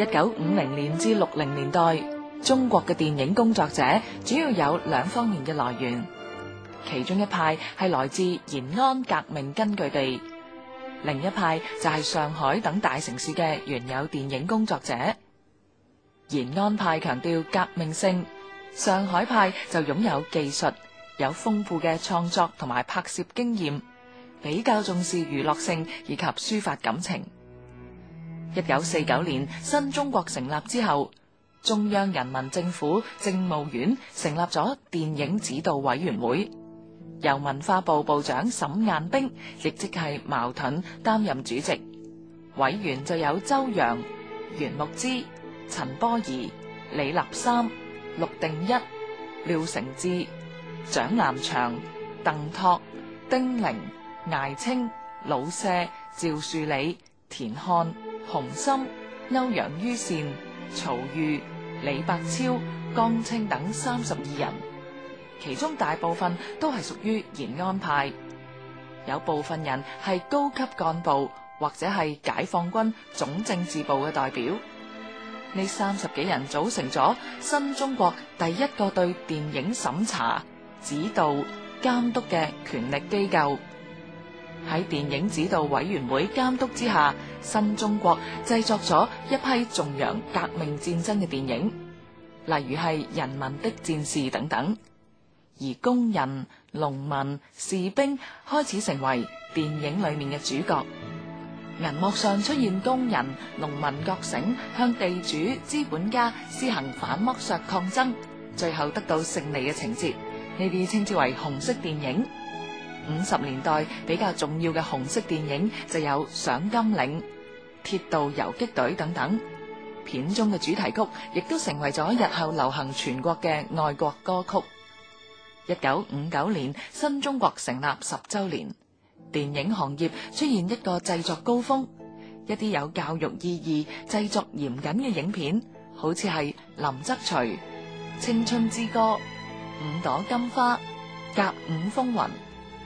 一九五零年至六零年代，中國嘅電影工作者主要有兩方面嘅來源，其中一派係來自延安革命根據地，另一派就係上海等大城市嘅原有電影工作者。延安派強調革命性，上海派就擁有技術，有豐富嘅創作同埋拍攝經驗，比較重視娛樂性以及抒發感情。一九四九年，新中國成立之後，中央人民政府政務院成立咗電影指導委員會，由文化部部長沈雁冰，亦即係茅盾擔任主席。委員就有周揚、袁牧之、陳波兒、李立三、陸定一、廖承志、蔣南翔、鄧拓、丁玲、艾青、老舍、趙樹理、田漢。洪森、歐陽予倩、曹禺、李伯超、江青等三十二人，其中大部分都係屬於延安派，有部分人係高級幹部或者係解放軍總政治部嘅代表。呢三十幾人組成咗新中國第一個對電影審查、指導、監督嘅權力機構。喺電影指導委員會監督之下，新中國製作咗一批頌揚革命戰爭嘅電影，例如係《人民的戰士》等等。而工人、農民、士兵開始成為電影裏面嘅主角，銀幕上出現工人、農民覺醒，向地主、資本家施行反剝削抗爭，最後得到勝利嘅情節，呢啲稱之為紅色電影。五十年代比較重要嘅紅色電影就有《上甘嶺》、《鐵道游擊隊》等等，片中嘅主題曲亦都成為咗日後流行全國嘅愛國歌曲。一九五九年，新中國成立十周年，電影行業出現一個製作高峰，一啲有教育意義、製作嚴謹嘅影片，好似係《林則徐》、《青春之歌》、《五朵金花》、《甲午風雲》。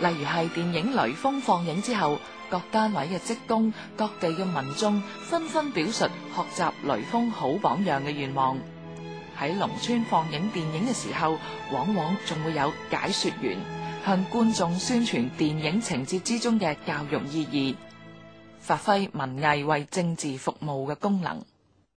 例如係電影《雷鋒》放映之後，各單位嘅職工、各地嘅民眾紛紛表述學習雷鋒好榜樣嘅願望。喺農村放映電影嘅時候，往往仲會有解說員向觀眾宣傳電影情節之中嘅教育意義，發揮文藝為政治服務嘅功能。